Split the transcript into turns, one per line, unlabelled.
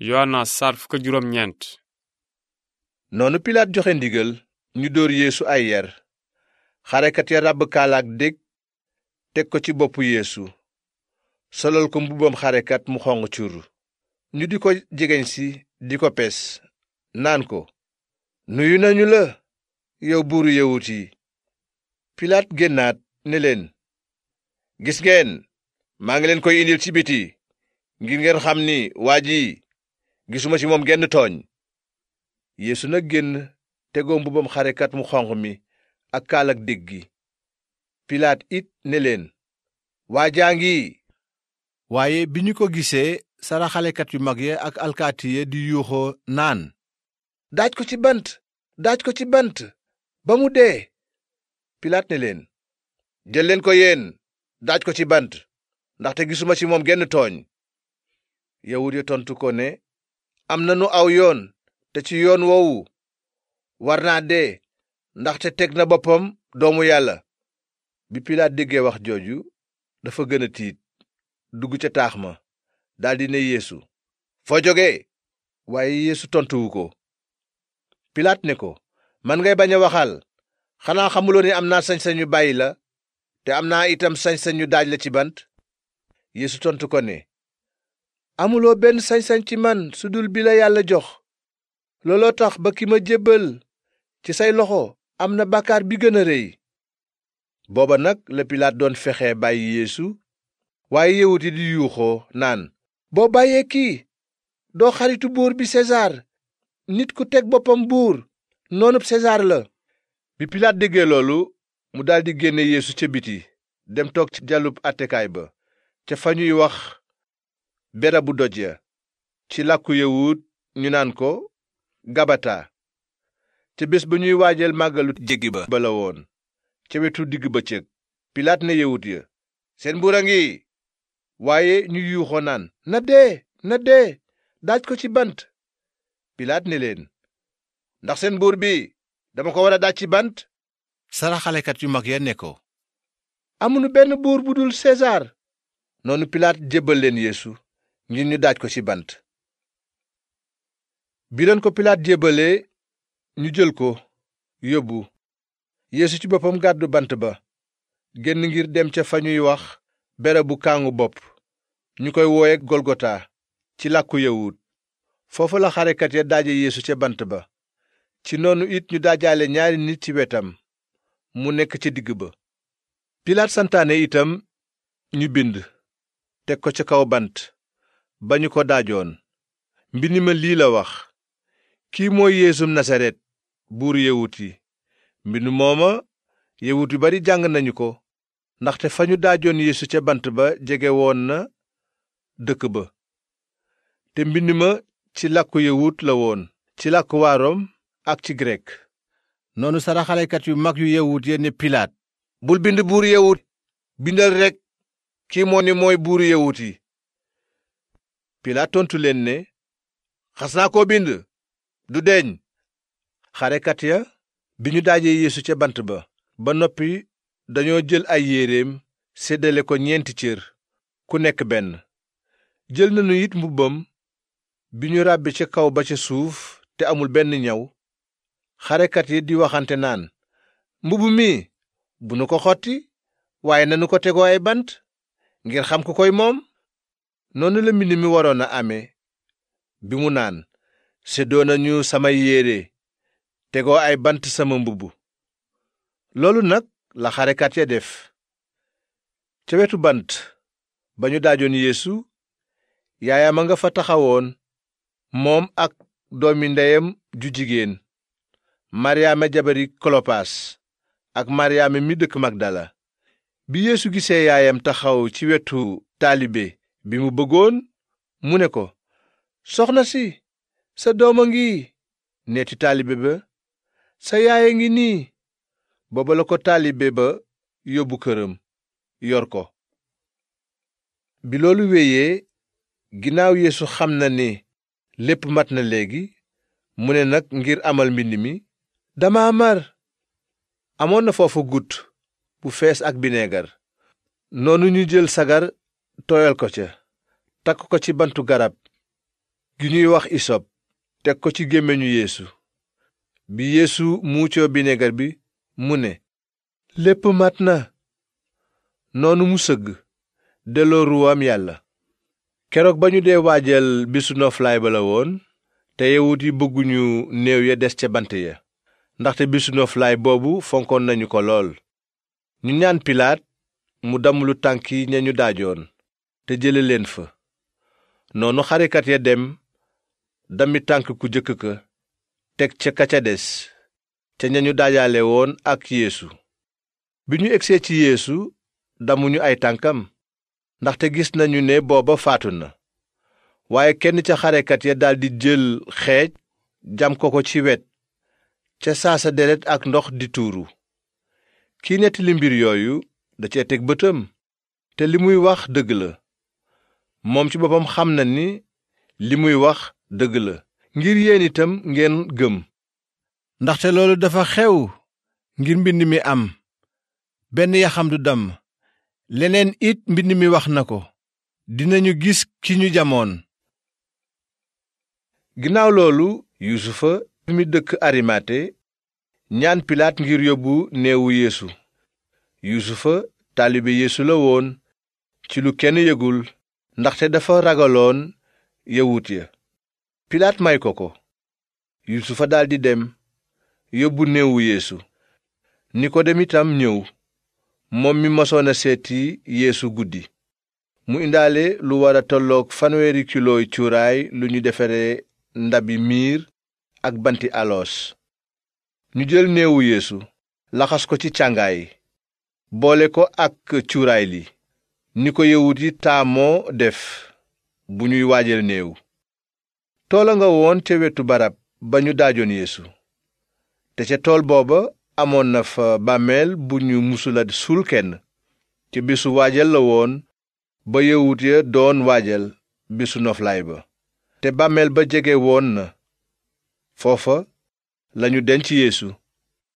Yowaana saar fukk noonu Pilaat joxe ndigal ñu dóor yéesu ay yar xarekat ya ràbb kaalaak dég teg ko ci boppu yéesu solal ko mbubbam xarekat mu xonq cur ñu di ko jegeñ si di ko pes naan ko nuyu nañu la yow buuru yawut Pilaat génnaat ne leen gis ngeen maa ngi leen koy indil ci biti ngir ngeen xam ni waa ji gisuma ci moom genn tooñ yeesu nag génn tegoo mbubam xarekat mu xonq mi ak kaalak dég gi pilaat it ne leen waa jaa ngi waaye bi ñu ko gisee saraxalekat yu mag ya ak alkaati ya di yuuxoo naan daaj ko ci bant daaj ko ci bant ba mu dee pilaat ne leen jël leen ko yéen daaj ko ci bant ndaxte gisuma ci moom genn tooñ yawut ya tontu ko ne am nanu aw yoon te ci yoon woowu war naa de ndaxte teg na boppam doomu yàlla bi pilaat déggee wax jooju dafa gën a tiit dugg ca taax ma daldi ne yéesu foo jógee waaye yéesu tontuwu ko pilaat ne ko man ngay bañ a waxal xanaa xamuloo ni am naa sañ-sañu bàyyi la te am naa itam sañ-sañu daaj la ci bant yéesu tontu ko ne amuloo benn sañ-sañ ci man su dul bi la yàlla jox looloo tax ba ki ma jébbal ci say loxo am na bàkkaar bi gën a rëy booba nag la pilaat doon fexe bàyyi yeesu waaye yawut di yuuxoo naan boo bàyyee kii doo xaritu buur bi sesaar nit ku teg boppam buur noonub sesaar la bi pilaat déggee loolu mu daldi génne yéesu ca biti dem toog ci jallub attekaay ba ca fa ñuy wax berabu doj ya ci làkku yawut ñu naan ko gabata te bés ba ñuy waajal màggalu jéggi ba balawoon ca wetu digg bëccëg pilaat ne yawut ya seen buur a ngi waaye ñu yuuxoo naan na dee daaj ko ci bant pilaat ne leen ndax seen buur bi dama ko war a daaj ci bant saraxalekat yu mag ya ne ko amunu benn buur bu dul sesaar noonu pilaat jébbal leen yeesu ngir daaj ko ci bant bi leen ko pilaat jébalee ñu jël ko yóbbu yéesu ci boppam gàddu bant ba génn ngir dem ca fa ñuy wax berebu kàngu bopp ñu koy wooye golgota ci làkku yawut foofu la xarekat ya daaje yeesu ca bant ba ci noonu it ñu daajaale ñaari nit ci wetam mu nekk ci digg ba pilaat santaane itam ñu bind teg ko ca kaw bant ba ñu ko daajoon mbind ma lii la wax kii mooy yeesum nasaret buuru yewut yi mbind mooma yewut yu bari jàng nañu ko ndaxte fa ñu daajoon yéesu ca bant ba jege woon na dëkk ba te mbind ma ci làkku yewut la woon ci làkku waa ak ci grek noonu saraxalekat yu mag yu yewut ya ne pilaat bul bind buuru yewut bindal rekk kii moo ni mooy buuru yewut yi pilaat tontu leen ne xas naa ko bind du deñ xarekat ya bi ñu daajee yeesu ca bant ba ba noppi dañoo jël ay yéeréem séddale ko ñeenti cër ku nekk benn jël nañu it mbubbam bi ñu ràbbi ca kaw ba ca suuf te amul benn ñaw xarekat yi di waxante naan mbubb mi bu nu ko xotti waaye nanu ko tegoo ay bant ngir xam ku koy moom noonu la mbind mi waroon a amee bi mu naan séddoo nañu samay yére tegoo ay bant sama mbubb loolu nag la xarekat ya def ca wetu bant ba ñu daajoon yeesu yaayam a nga fa taxawoon moom ak doomi ndeyam ju jigéen maryaama jabari kolopaas ak maryaama mi dëkk magdala bi yeesu gisee yaayam taxaw ci wetu taalibe bi mu bëggoon mu ne ko soxna si sa doom a ngi neeti taalibe ba sa yaay a ngi nii booba la ko taalibe ba yóbbu këram yor ko bi loolu wéyee ginnaaw yéesu xam na ni lépp mat na léegi mu ne nag ngir amal mbind mi dama mar amoon na foofu gudd bu fees ak bineegar noonu ñu jël sagar tooyal ko ca takk ko ci bantu garab gi ñuy wax isop teg ko ci gémmiñu yéesu bi yeesu muucoo binegar bi mu ne lépp mat na noonu mu sëgg delloo ruwaam yàlla keroog ba ñu dee waajal bisu noflaay ba la woon te yawut yi bëgguñu néew ya des ca bant ya ndaxte bisu noflaay boobu fonkoon nañu ko lool ñu ñaan pilaat mu damm lu tànk yi ña ñu daajoon te jële leen fa noonu xarekat ya dem dami tànk ku jëkk ka teg ca ka ca des ca ñañu dajale woon ak yéesu bi ñu egsee ci yeesu damuñu ay tànkam ndaxte gis nañu ne booba faatu na waaye kenn ca xarekat ya daldi jël xeej jam ko ko ci wet ca saasa deret ak ndox di tuuru kii nettali mbir yooyu da cee teg bëtam te li muy wax dëgg la moom ci boppam xam na ni li muy wax dëgg la ngir yéen itam ngeen gëm ndaxte loolu dafa xew ngir mbind mi am benn yaxam du damm leneen it mbind mi wax na ko dinañu gis ki ñu jamoon ginnaaw loolu yuusufa mi dëkk arimate ñaan pilaat ngir yóbbu neewu yéesu yusufa taalibe yeesu la woon ci lu kenn yëgul ndaxte dafa ragaloon yawut ya pilaat may ko ko yusufa daldi dem yóbbu néewu yéesu ni ko dem itam ñëw moom mi mosoon a seeti yéesu guddi mu indaale lu war a tolloog fanweeri kilooy cuuraay lu ñu defare ndabi miir ak banti aloos ñu jël néewu yéesu laxas ko ci càngaay boole ko ak cuuraay li ni ko yawut yi taamoo def bu ñuy waajal néew toola nga woon ca wetu barab ba ñu daajoon yéesu te ca tool booba amoon na fa bàmmeel bu ñu musula suul kenn ci bisu waajal la woon ba yawut ya doon waajal bésu noflaay ba te bàmmeel ba jege woon na foofa lañu denc yéesu